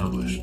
águas.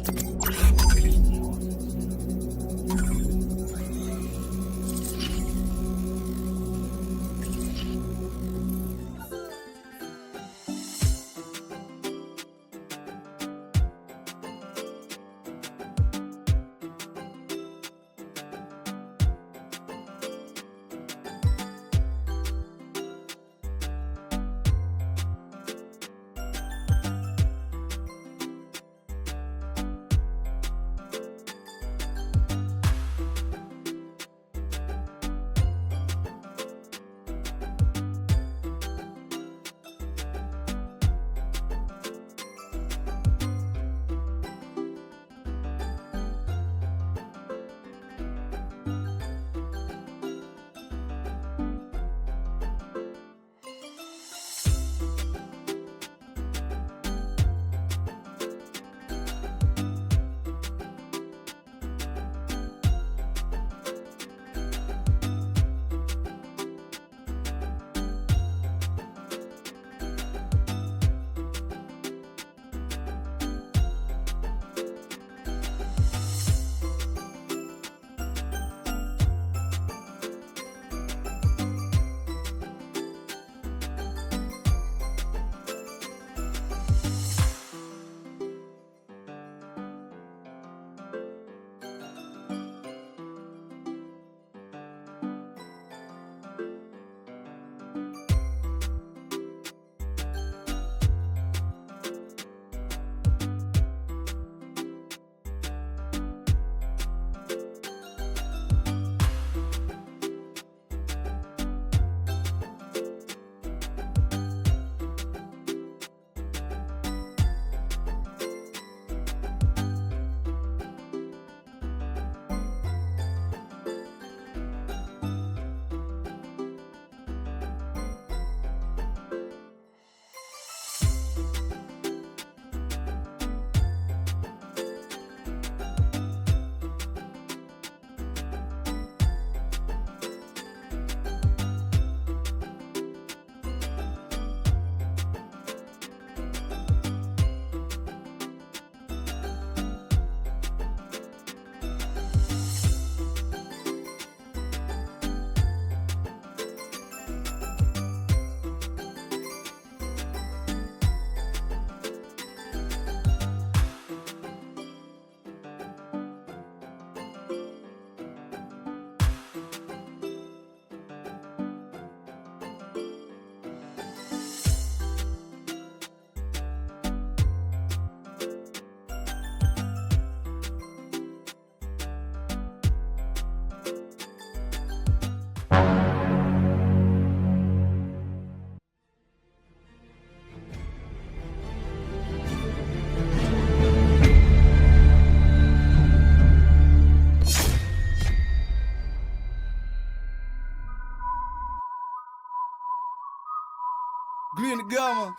mama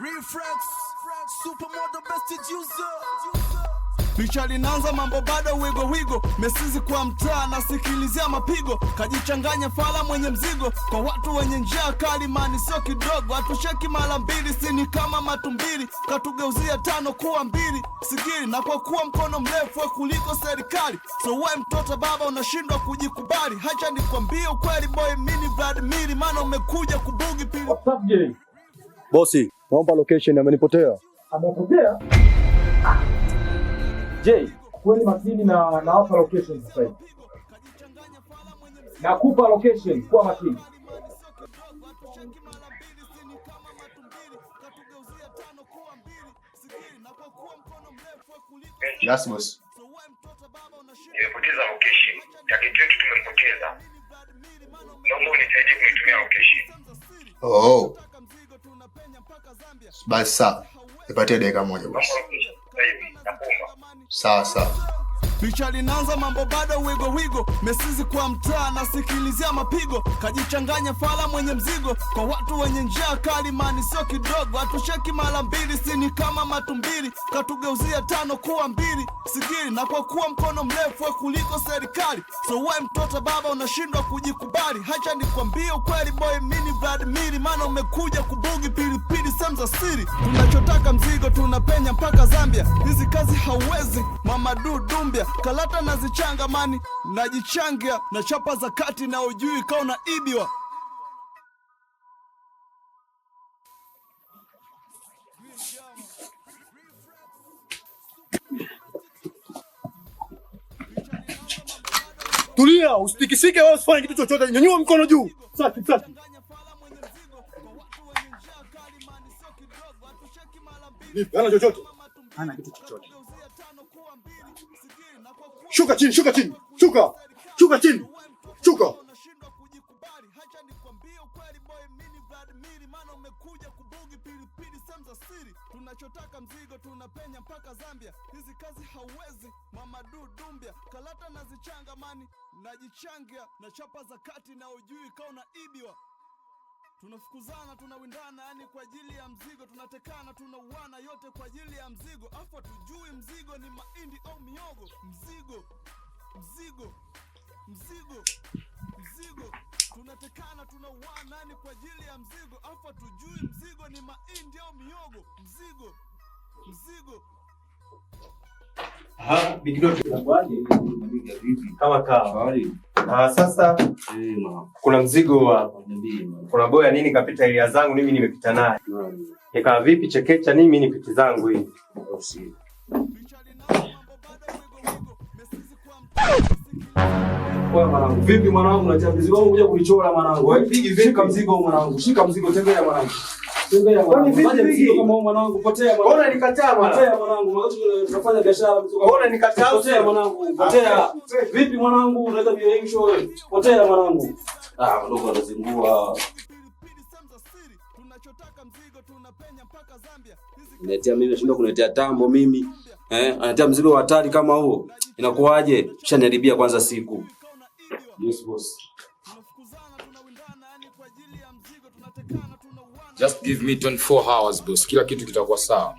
Reflex Supermodel best User Licha linaanza mambo bado wigo wigo, mesizi kwa mtaa nasikilizia mapigo, kajichanganya fala mwenye mzigo, kwa watu wenye njia kali mani sio kidogo, hatusheki mara mbili, sini kama matumbili, katugeuzia tano kuwa mbili sigiri, na kwa kuwa mkono mrefu kuliko serikali, so we mtoto baba unashindwa kujikubali. Hacha nikwambie ukweli boy, mini vladimiri maana umekuja kubugi pili Bosi, naomba location, amenipotea. Amepotea? Je, kweli makini na nawapa location sasa hivi. Nakupa location kwa makini. Yes, boss. Nimepoteza location. Jacket yetu tumepoteza. Naomba unisaidie kunitumia location. Oh. oh. Basi sawa, nipatie dakika moja basi. Sawa sawa. Picha linaanza mambo bado wigo wigo, mesizi kwa mtaa nasikilizia mapigo, kajichanganya fala mwenye mzigo, kwa watu wenye njia kali mani sio kidogo, atusheki mara mbili sini kama matumbili, katugeuzia tano kuwa mbili sigiri, na kwa kuwa mkono mrefu kuliko serikali, so wewe mtoto baba unashindwa kujikubali. Hacha nikwambie ukweli boy, mini Vladimir, maana umekuja kubugi pilipili sehemu za siri, tunachotaka mzigo tunapenya mpaka Zambia, hizi kazi hauwezi mama dumbia kalata nazichanga mani, najichanga na chapa za kati na ujui kao na ibiwa Tulia, usitikisike wala usifanye kitu chochote. Nyanyua mkono juu. Safi safi. Ana chochote? Ana kitu chochote. Shuka chini, shuka chini, shuka, shuka chini, shuka. Tunachotaka mzigo tunapenya mpaka Zambia. Hizi kazi hauwezi mama dudumbia kalata nazichanga mani najichanga na chapa za kati na ujui kaona ibiwa Tunafukuzana, tunawindana, yani kwa ajili ya mzigo. Tunatekana, tunauana, yote kwa ajili ya mzigo. Afu tujui mzigo ni maindi au miogo. Mzigo, mzigo, mzigo, mzigo. Tunatekana, tunauana, yani kwa ajili ya mzigo. Afu tujui mzigo ni maindi au miogo. Mzigo, mzigo. Aha, Ah, sasa kuna mzigo hapa. Kuna boya nini kapita ilia zangu mimi nimepita naye. Ikawa vipi chekecha nini mimi nipiti zangu hivi. Mwanangu, vipi mwanangu, na cha mzigo wangu kuja kunichora mwanangu. Shika mzigo mwanangu, shika mzigo tembea mwanangu. Ah. Vipi mwanangu, unaweza potea mwanangu. Ah, ndugu anazingua. mimi nashindwa tambo mimi. Eh, anatia mzigo hatari kama huo. Inakuwaje? Shaniharibia kwanza siku. Yes boss. Just give me 24 hours boss, kila kitu kitakuwa sawa.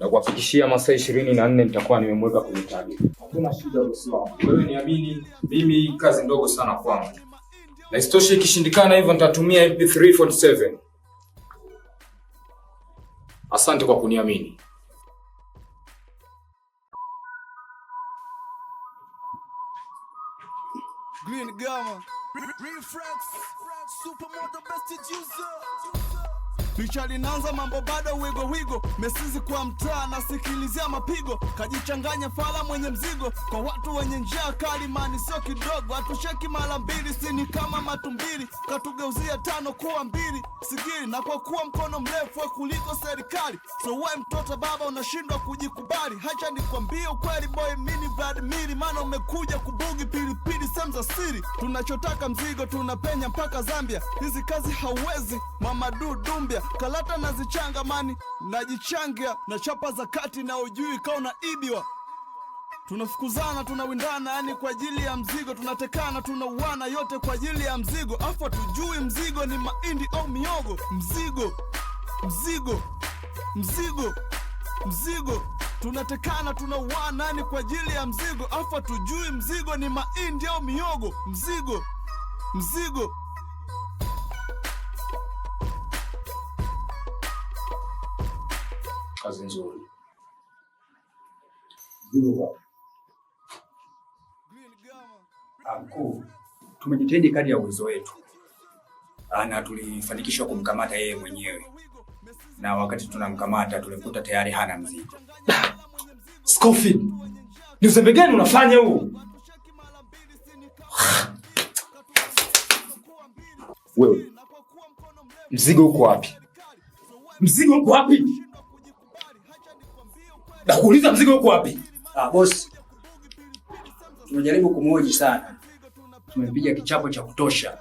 Na kuhakikishia masaa 24 nitakuwa nimemweka kwenye target. Hakuna shida boss wangu. Wewe niamini, mimi kazi ndogo sana kwangu. Na isitoshe ikishindikana hivyo nitatumia MP347. Asante kwa kuniamini. Green Gamma. Reflex, supermodel best user. licha linaanza mambo bado wigo wigo, mesizi kwa mtaa nasikilizia mapigo, kajichanganya fala mwenye mzigo, kwa watu wenye njia kali mani sio kidogo, hatusheki mara mbili, sini kama matumbili, katugeuzia tano kuwa mbili sigiri, na kwa kuwa mkono mrefu kuliko serikali, so we mtoto baba unashindwa kujikubali. Hacha nikwambie ukweli boy, mini Vladimir, mana umekuja kubugi pilipili sehemu za siri, tunachotaka mzigo tunapenya mpaka Zambia, hizi kazi hauwezi Mamadu Dumbia kalata nazichanga mani, najichanga na chapa za kati na ujui na ibiwa tunafukuzana tunawindana, yani kwa ajili ya mzigo tunatekana, tunauana, yote kwa ajili ya mzigo. Afu tujui mzigo ni maindi au miogo. Mzigo, mzigo, mzigo, mzigo, tunatekana, tunauana, yani kwa ajili ya mzigo. Afu tujui mzigo ni maindi au miogo. Mzigo, mzigo kazi nzuri Jua mkuu, tumejitahidi kadri ya uwezo wetu ah, na tulifanikishwa kumkamata yeye mwenyewe, na wakati tunamkamata tulikuta tayari hana mzigo. Scofield, ni uzembe gani unafanya huu? Wewe, mzigo uko wapi? Mzigo uko wapi? na kuuliza mzigo uko wapi? Ah, boss. Tunajaribu kumhoji sana. Tumepiga kichapo cha kutosha,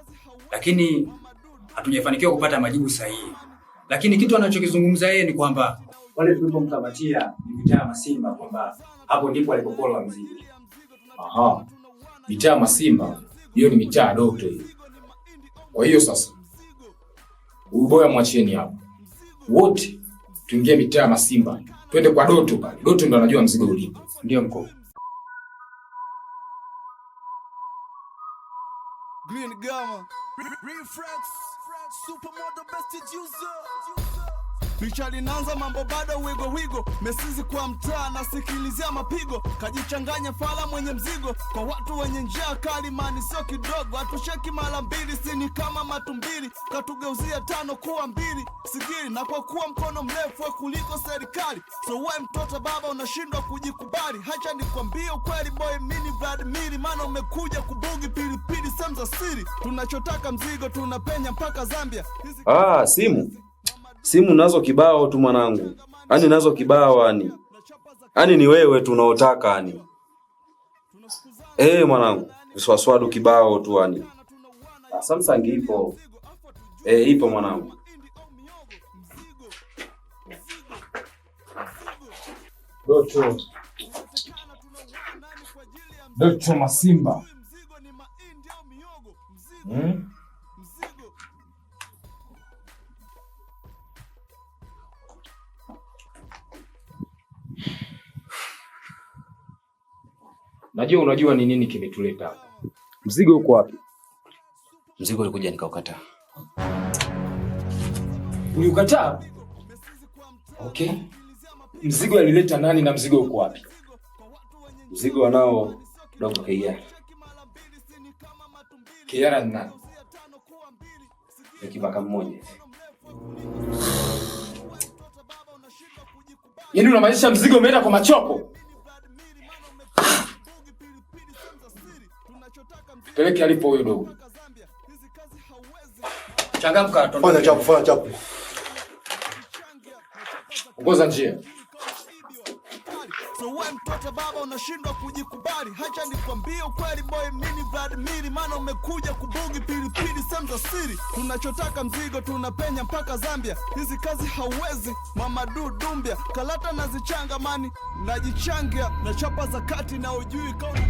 lakini hatujafanikiwa kupata majibu sahihi. Lakini kitu anachokizungumza yeye ni kwamba wale tulipomkamatia ni mitaa Masimba, kwamba hapo ndipo alipopola mzigo. Aha. Mitaa Masimba hiyo ni mitaa Doto hiyo. Kwa hiyo sasa, huyu boya mwacheni hapo wote tuingie mitaa ya Masimba, twende kwa Doto pale. Doto ndo anajua mzigo ulipo. Ndio mko Green Gamma. Reflex Supermodel best juicer licha linaanza mambo bado wigo wigo, mesizi kwa mtaa nasikilizia mapigo, kajichanganya fala mwenye mzigo, kwa watu wenye njia kali mani sio kidogo, atusheki mara mbili sini kama matumbili, katugeuzia tano kuwa mbili sigiri, na kwa kuwa mkono mrefu kuliko serikali, so we mtoto baba unashindwa kujikubali. Hacha nikwambie ukweli boy, mini Vladimir, maana umekuja kubugi pilipili sehemu za siri, tunachotaka mzigo tunapenya mpaka Zambia. Ah, simu simu nazo kibao tu mwanangu, yani nazo kibao yani, yani ni wewe tu unaotaka yani. Eh mwanangu, viswaswadu kibao tu yani. Ah, Samsung ipo eh, ipo mwanangu. Doto Doto Masimba hmm? Najua unajua ni nini kimetuleta hapa. Mzigo uko wapi? Mzigo ulikuja nikaukataa. Uliukataa? Okay. Mzigo alileta nani na mzigo uko wapi? Mzigo wanao dogo kia Kiara na nani? kibaka mmoja. Yaani unamaanisha mzigo umeenda kwa Machoko? Peleke alipo huyo dogo. Changamka Fanya chapu, fanya chapu. Ongoza njia. So wewe mtoto baba unashindwa kujikubali. Hacha nikwambie ukweli boy, mimi Vladimir, maana umekuja kubugi pilipili sehemu siri. Tunachotaka mzigo tunapenya mpaka Zambia. Hizi kazi hauwezi mama dumbia. Kalata nazichanga mani, najichangia na chapa za kati na ujui kauna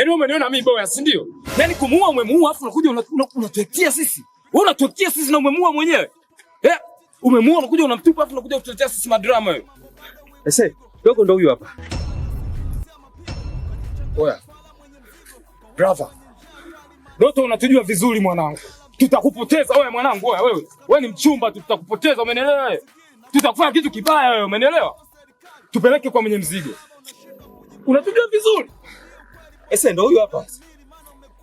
Yaani umeniona mimi boya, si ndio? Yaani kumuua umemuua afu unakuja unatuletea sisi. Wewe unatuletea sisi na umemuua mwenyewe. Eh, umemuua unakuja unamtupa afu unakuja kutuletea sisi madrama hiyo. Ese, dogo ndo huyo hapa. Oya. Brother. Ndoto unatujua vizuri mwanangu. Tutakupoteza wewe mwanangu, oya wewe. Wewe ni mchumba tu tutakupoteza, umeelewa wewe? Tutakufanya kitu kibaya wewe, umeelewa? Tupeleke kwa mwenye mzigo. Unatujua vizuri. Ese ndo huyu hapa.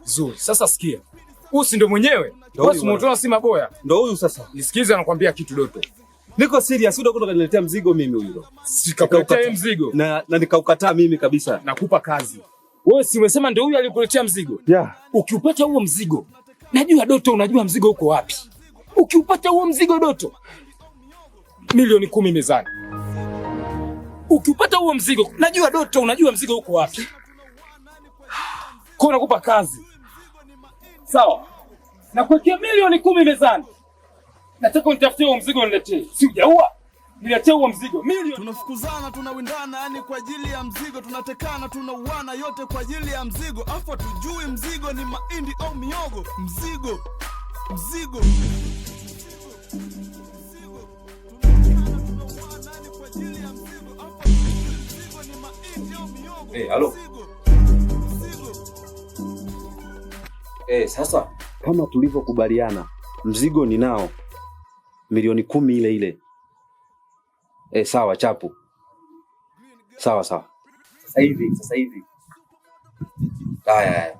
Zuri. Sasa sikia. Huyu si ndo mwenyewe? Boss Mutona si maboya. Ndo huyu sasa. Nisikize anakuambia kitu Doto. Niko serious, udo kutoka niletea mzigo mimi huyo. Sikakuletea mzigo. Na, na nikaukataa mimi kabisa. Nakupa kazi. Wewe si umesema ndo huyu alikuletea mzigo? Yeah. Ukiupata huo mzigo, najua Doto unajua mzigo uko wapi. Ukiupata huo mzigo Doto, milioni kumi mezani. Ukiupata huo mzigo, najua Doto unajua mzigo uko wapi kwa nakupa kazi sawa, na kuwekea milioni kumi mezani. Nataka unitafutie huo mzigo uniletee, si ujaua niletee huo mzigo milioni. Tunafukuzana, tunawindana, yani kwa ajili ya mzigo, tunatekana, tunauana, yote kwa ajili ya mzigo. Afu hatujui mzigo ni mahindi au miogo. Mzigo, mzigo Hey, eh, halo. Eh, sasa kama tulivyokubaliana, mzigo ninao milioni kumi ile ile. Eh, sawa chapu, sawa sawa. Sasa hivi sasa hivi haya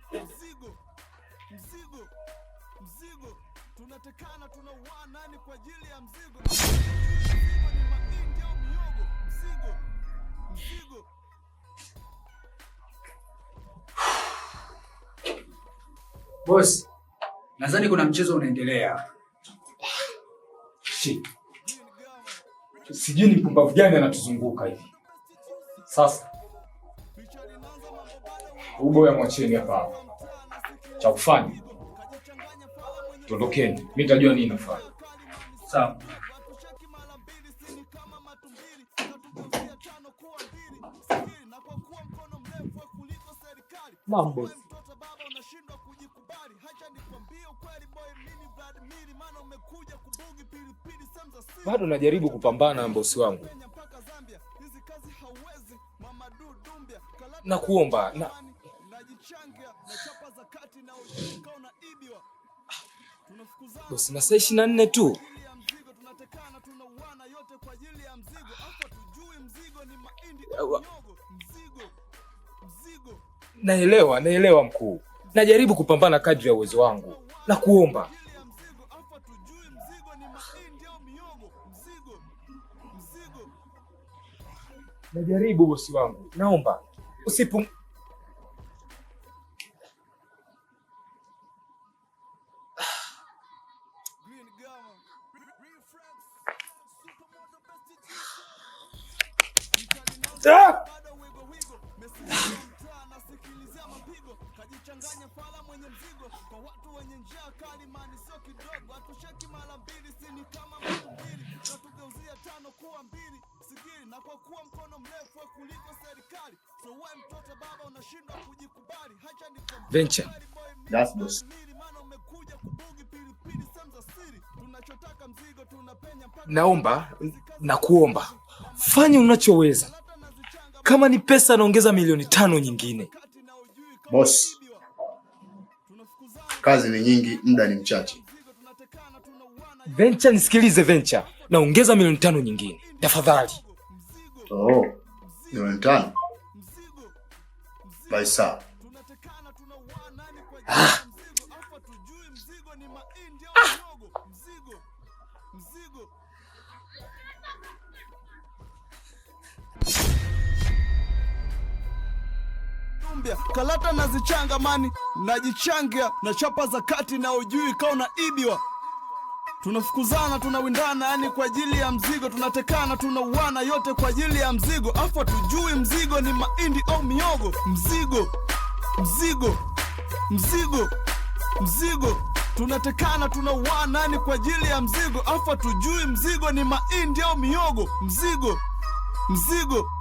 Mzigo, mzigo, mzigo, tunatekana, tunauana ni kwa ajili ya mzigo. mzigo Boss, nadhani kuna mchezo unaendelea. Sijui ni pumbavu gani anatuzunguka hivi. Sasa uboya mwacheni hapa cha kufanya, tondokeni, mi nitajua nini nafanya. Sawa. Mambo. Bado najaribu kupambana na bosi wangu, nakuomba na bosi masaa ishirini na nne tu naelewa, naelewa mkuu, najaribu kupambana kadri ya uwezo wangu na kuomba najaribu bosi wangu, naomba usipu kwa watu wenye njia kali, mani sio kidogo, hatusheki mara mbili, natugeuzia tano kuwa mbili sigiri, na kwa kuwa mkono mrefu kuliko serikali, so mtoto baba unashindwa kujikubali. Hacha maana umekuja kubugi pilipili za siri, tunachotaka mzigo tunapenya mpaka. Naomba na kuomba, fanya unachoweza, kama ni pesa naongeza milioni tano nyingine, boss kazi ni nyingi, muda ni mchache. Venture, nisikilize Venture, naongeza milioni tano nyingine tafadhali. Oh, milioni tano basi sawa. Ah. Zambia, kalata nazichanga mani, najichanga na chapa za kati na ujui kao na ibiwa tunafukuzana tunawindana, yani kwa ajili ya mzigo tunatekana, tunauana, yote kwa ajili ya mzigo. Afu tujui mzigo ni mahindi au miogo. Mzigo, mzigo, mzigo, mzigo, tunatekana, tunauana, yani kwa ajili ya mzigo. Afu tujui mzigo ni mahindi au miogo. Mzigo, mzigo